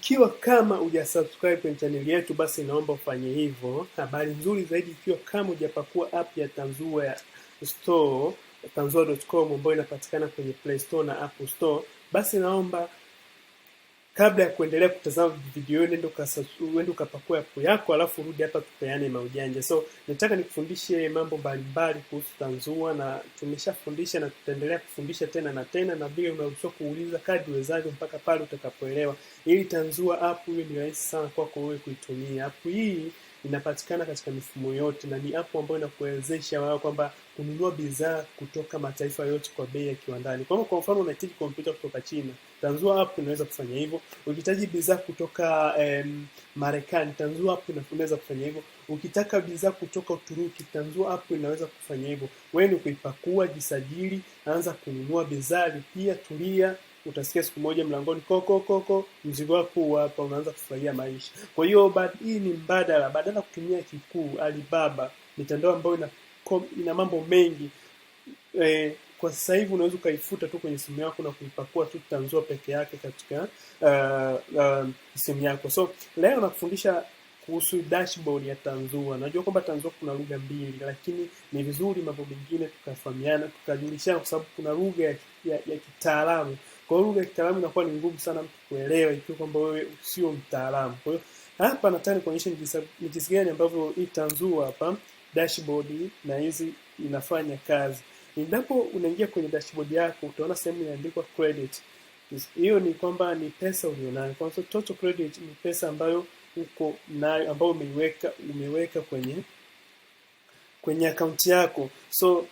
Ikiwa kama hujasubscribe kwenye chaneli yetu, basi naomba ufanye hivyo. Habari nzuri zaidi, ikiwa kama hujapakua app ya Tanzua Store, tanzua.com ambayo inapatikana kwenye Play Store na App Store, basi naomba kabla ya kuendelea kutazama video hiyo, uende ukapakua app yako, alafu urudi hapa tupeane maujanja. So nataka nikufundishe mambo mbalimbali kuhusu tanzua, na tumeshafundisha na tutaendelea kufundisha tena na tena, na vile unaruhusiwa kuuliza kadi wezaji mpaka pale utakapoelewa, ili tanzua app hiyo ni rahisi sana kwako wewe kuitumia app hii inapatikana katika mifumo yote, na ni apu ambayo inakuwezesha wao kwamba kununua bidhaa kutoka mataifa yote kwa bei ya kiwandani. Kwa kwa mfano unahitaji kompyuta kutoka China, tanzua app inaweza kufanya hivyo. Ukihitaji bidhaa kutoka um, Marekani, tanzua app inaweza kufanya hivyo. Ukitaka bidhaa kutoka Uturuki, tanzua app inaweza kufanya hivyo. Wewe ni kuipakua, jisajili, anza kununua bidhaa, lipia, tulia utasikia siku moja mlangoni koko koko, mzigo wako huu hapa, unaanza kufurahia maisha. Kwa hiyo hii ni mbadala, badala kutumia kikuu Alibaba, mitandao ambayo ina ina mambo mengi e, kwa sasa hivi unaweza ukaifuta tu kwenye simu yako na kuipakua tu Tanzua peke yake katika uh, uh, simu yako. So leo nakufundisha kuhusu dashboard ya Tanzua. Najua kwamba Tanzua kuna lugha mbili, lakini ni vizuri mambo mengine tukafahamiana, tukajulishana, kwa sababu kuna lugha ya, ya, ya kitaalamu kwa hiyo lugha ya kitaalamu inakuwa ni ngumu sana mtu kuelewa ikiwa kwamba wewe sio mtaalamu. Kwa hiyo hapa nataka nikuonyeshe ni jinsi gani ambavyo hii hapa dashboard na hizi inafanya kazi. Endapo unaingia kwenye dashboard yako utaona sehemu imeandikwa credit. Hiyo ni kwamba ni pesa ulionayo. Kwa hiyo total credit ni pesa ambayo uko nayo ambayo umeiweka umeweka kwenye kwenye akaunti yako. So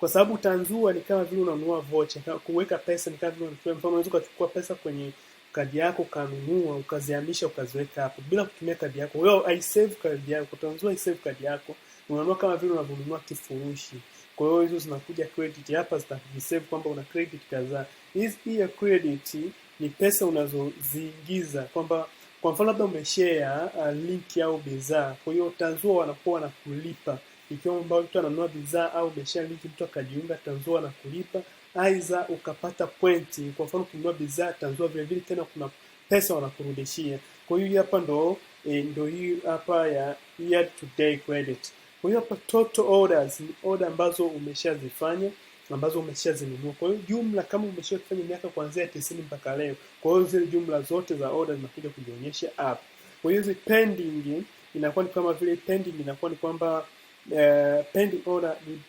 kwa sababu tanzua ni kama vile unanunua vocha, kuweka pesa ni kama vile Mfano, unaweza kuchukua pesa kwenye kadi yako kanunua ukazihamisha ukaziweka hapo bila kutumia kadi yako. Wewe well, i save kadi yako, tanzua i save kadi yako, unanunua kama vile unavyonunua kifurushi. Kwa hiyo hizo zinakuja credit hapa, zitakujisave kwamba una credit kadhaa. Hizi pia credit ni pesa unazoziingiza kwamba kwa mfano labda umeshare uh, link au bidhaa, kwa hiyo tanzua wanakuwa wanakulipa ikiwa ambao mtu ananua bidhaa au biashara nyingi, mtu akajiunga Tanzua na kulipa, aidha ukapata pointi. Kwa mfano ukinunua bidhaa Tanzua vile vile tena kuna pesa wanakurudishia. Kwa hiyo hapa ndo e, ndo hii hapa ya year to day credit. Kwa hiyo hapa total orders ni order ambazo umeshazifanya ambazo umeshazinunua. Kwa hiyo jumla kama umeshafanya miaka kuanzia 90 mpaka leo, kwa hiyo zile jumla zote za orders zinakuja kujionyesha hapa. Kwa hiyo hizi pending inakuwa ni kama vile pending inakuwa ni kwamba Eh, pending order ni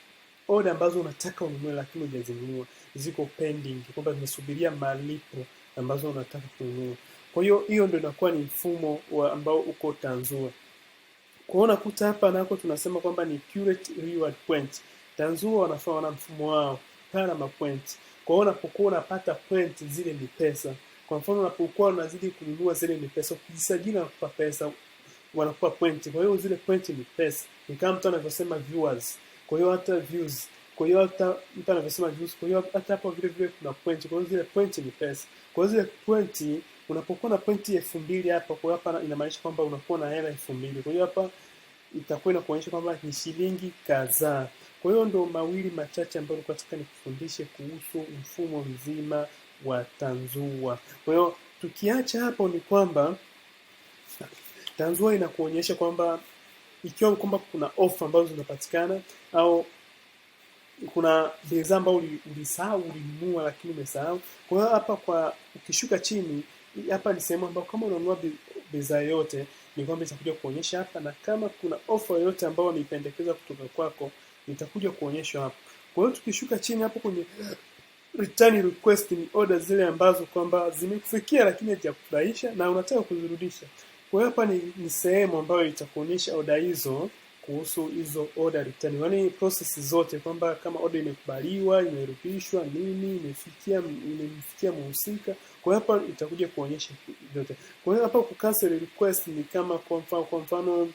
oda ambazo unataka ununue lakini hujazinunua, ziko pending, kwamba zimesubiria malipo ambazo unataka kununua. Kwa hiyo hiyo ndio inakuwa ni mfumo wa ambao uko Tanzua. Kwa hiyo unakuta hapa nako tunasema kwamba ni reward point. Tanzua wanafaa wana mfumo wao pana mapoint. Kwa hiyo unapokuwa unapata point, zile ni pesa. Kwa mfano unapokuwa unazidi kununua, zile ni pesa, ukijisajili na kupa pesa wanakuwa pointi. Kwa hiyo zile pointi ni pesa, ni kama mtu anavyosema viewers, kwa hiyo hata views, kwa hiyo hata mtu anavyosema views, kwa hiyo hata hapo vile vile kuna pointi. Kwa hiyo zile pointi ni pesa, kwa hiyo zile pointi, unapokuwa na pointi elfu mbili hapa, kwa hapa inamaanisha kwamba unakuwa na hela elfu mbili kwa hiyo hapa itakuwa inakuonyesha kwamba ni shilingi kadhaa. Kwa hiyo ndo mawili machache ambayo nilikuwa nataka nikufundishe kuhusu mfumo mzima wa tanzua. Kwa hiyo tukiacha hapo ni kwamba tanzua inakuonyesha kwamba ikiwa kwamba kuna ofa ambazo zinapatikana au kuna bidhaa ambayo ulisahau ulinunua, lakini umesahau. Kwa hiyo hapa kwa ukishuka chini hapa ni sehemu ambayo kama unanunua bidhaa yote ni kwamba itakuja kuonyesha hapa, na kama kuna ofa yoyote ambayo nipendekeza kutoka kwako itakuja kuonyeshwa hapa. Kwa hiyo tukishuka chini hapo kwenye return request, ni order zile ambazo kwamba zimekufikia lakini hazijakufurahisha na unataka kuzirudisha. Kwa hiyo hapa ni, ni sehemu ambayo itakuonyesha oda hizo kuhusu hizo order return, yaani process zote kwamba kama order imekubaliwa, imerudishwa, nini imefikia, imemfikia mhusika. Kwa hiyo hapa itakuja kuonyesha yote. Kwa hiyo hapa ku cancel request ni kama kwa mfano, kwa mfano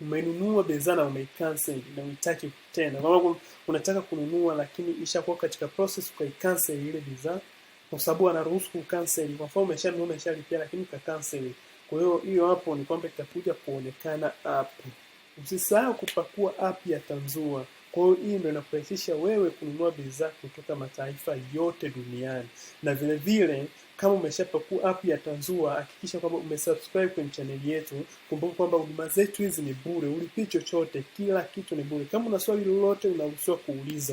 umenunua bidhaa na umeicancel na unataka tena, kama unataka kununua lakini ishakuwa katika process ukaicancel ile bidhaa, kwa sababu anaruhusu ku cancel. Kwa mfano umeshanunua umeshalipia, lakini ukacancel kwa hiyo hiyo hapo ni kwamba itakuja kuonekana app. Usisahau kupakua app ya Tanzua. Kwa hiyo hii ndio inakurahisisha wewe kununua bidhaa kutoka mataifa yote duniani, na vile vile kama umeshapakua app ya Tanzua, hakikisha kwamba umesubscribe kwenye chaneli yetu. Kumbuka kwamba huduma zetu hizi ni bure, ulipii chochote, kila kitu ni bure. Kama una swali lolote, unaruhusiwa kuuliza.